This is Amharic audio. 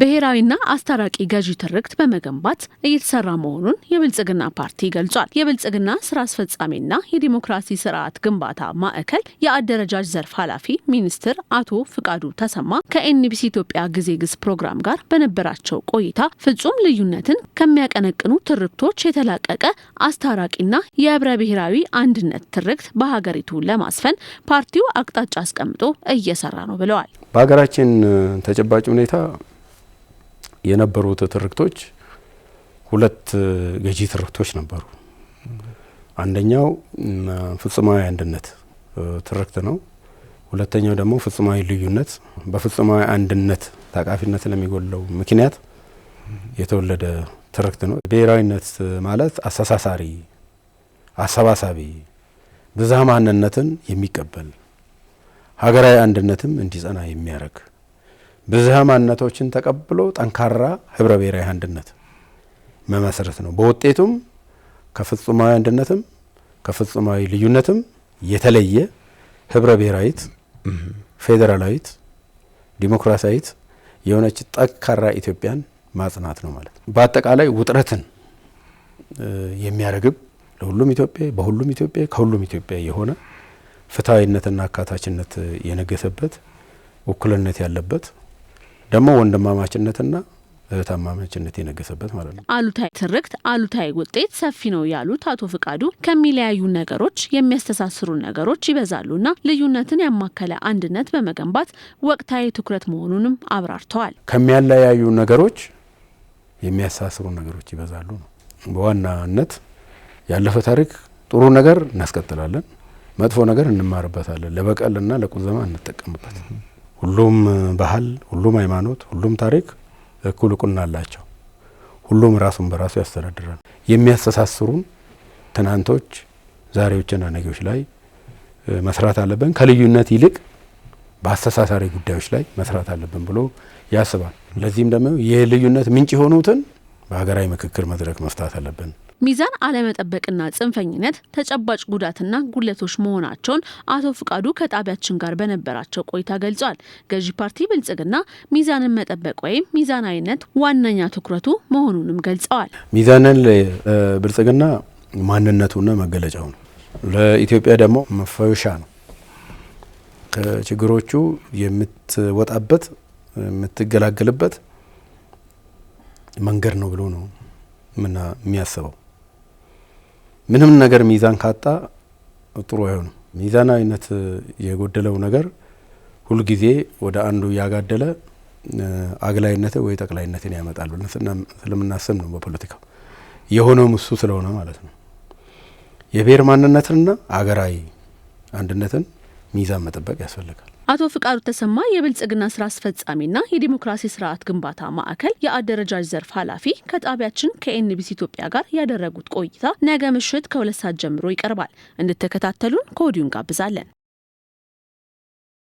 ብሔራዊና አስታራቂ ገዢ ትርክት በመገንባት እየተሰራ መሆኑን የብልጽግና ፓርቲ ገልጿል። የብልጽግና ስራ አስፈጻሚና የዲሞክራሲ ስርዓት ግንባታ ማዕከል የአደረጃጅ ዘርፍ ኃላፊ ሚኒስትር አቶ ፍቃዱ ተሰማ ከኤንቢሲ ኢትዮጵያ ጊዜ ግስ ፕሮግራም ጋር በነበራቸው ቆይታ ፍጹም ልዩነትን ከሚያቀነቅኑ ትርክቶች የተላቀቀ አስታራቂና የህብረ ብሔራዊ አንድነት ትርክት በሀገሪቱ ለማስፈን ፓርቲው አቅጣጫ አስቀምጦ እየሰራ ነው ብለዋል። በሀገራችን ተጨባጭ ሁኔታ የነበሩት ትርክቶች ሁለት ገዢ ትርክቶች ነበሩ። አንደኛው ፍጹማዊ አንድነት ትርክት ነው። ሁለተኛው ደግሞ ፍጹማዊ ልዩነት በፍጹማዊ አንድነት ታቃፊነት ለሚጎለው ምክንያት የተወለደ ትርክት ነው። ብሔራዊነት ማለት አስተሳሳሪ፣ አሰባሳቢ፣ ብዝሃ ማንነትን የሚቀበል ሀገራዊ አንድነትም እንዲጸና የሚያደርግ ብዝሃ ማንነቶችን ተቀብሎ ጠንካራ ህብረ ብሔራዊ አንድነት መመስረት ነው። በውጤቱም ከፍጹማዊ አንድነትም ከፍጹማዊ ልዩነትም የተለየ ህብረ ብሔራዊት፣ ፌዴራላዊት፣ ዲሞክራሲያዊት የሆነች ጠንካራ ኢትዮጵያን ማጽናት ነው ማለት ነው። በአጠቃላይ ውጥረትን የሚያረግብ ለሁሉም ኢትዮጵያ በሁሉም ኢትዮጵያ ከሁሉም ኢትዮጵያ የሆነ ፍትሐዊነትና አካታችነት የነገሰበት ውክልነት ያለበት ደግሞ ወንድማማችነትና እህታማመችነት የነገሰበት ማለት ነው። አሉታዊ ትርክት አሉታዊ ውጤት ሰፊ ነው ያሉት አቶ ፍቃዱ ከሚለያዩ ነገሮች የሚያስተሳስሩ ነገሮች ይበዛሉና ልዩነትን ያማከለ አንድነት በመገንባት ወቅታዊ ትኩረት መሆኑንም አብራርተዋል። ከሚያለያዩ ነገሮች የሚያስተሳስሩ ነገሮች ይበዛሉ ነው። በዋናነት ያለፈ ታሪክ ጥሩ ነገር እናስቀጥላለን፣ መጥፎ ነገር እንማርበታለን፣ ለበቀልና ለቁዘማ እንጠቀምበት ሁሉም ባህል፣ ሁሉም ሃይማኖት፣ ሁሉም ታሪክ እኩል እቁና አላቸው። ሁሉም ራሱን በራሱ ያስተዳድራል። የሚያስተሳስሩን ትናንቶች፣ ዛሬዎችና ነገዎች ላይ መስራት አለብን። ከልዩነት ይልቅ በአስተሳሳሪ ጉዳዮች ላይ መስራት አለብን ብሎ ያስባል። ለዚህም ደግሞ የልዩነት ምንጭ የሆኑትን በሀገራዊ ምክክር መድረክ መፍታት አለብን። ሚዛን አለመጠበቅና ጽንፈኝነት ተጨባጭ ጉዳትና ጉለቶች መሆናቸውን አቶ ፍቃዱ ከጣቢያችን ጋር በነበራቸው ቆይታ ገልጿል። ገዢ ፓርቲ ብልጽግና ሚዛንን መጠበቅ ወይም ሚዛናዊነት ዋነኛ ትኩረቱ መሆኑንም ገልጸዋል። ሚዛንን ብልጽግና ማንነቱና መገለጫው ነው። ለኢትዮጵያ ደግሞ መፈወሻ ነው። ከችግሮቹ የምትወጣበት የምትገላገልበት መንገድ ነው ብሎ ነው ምና የሚያስበው ምንም ነገር ሚዛን ካጣ ጥሩ አይሆንም። ሚዛናዊነት የጎደለው ነገር ሁልጊዜ ወደ አንዱ እያጋደለ አግላይነት ወይ ጠቅላይነትን ያመጣሉ ስለምናስብ ነው። በፖለቲካው የሆነውም እሱ ስለሆነ ማለት ነው። የብሔር ማንነትንና አገራዊ አንድነትን ሚዛን መጠበቅ ያስፈልጋል። አቶ ፍቃዱ ተሰማ የብልጽግና ስራ አስፈጻሚና የዲሞክራሲ ስርዓት ግንባታ ማዕከል የአደረጃጅ ዘርፍ ኃላፊ ከጣቢያችን ከኤንቢሲ ኢትዮጵያ ጋር ያደረጉት ቆይታ ነገ ምሽት ከሁለት ሰዓት ጀምሮ ይቀርባል። እንድትከታተሉን ከወዲሁ እንጋብዛለን።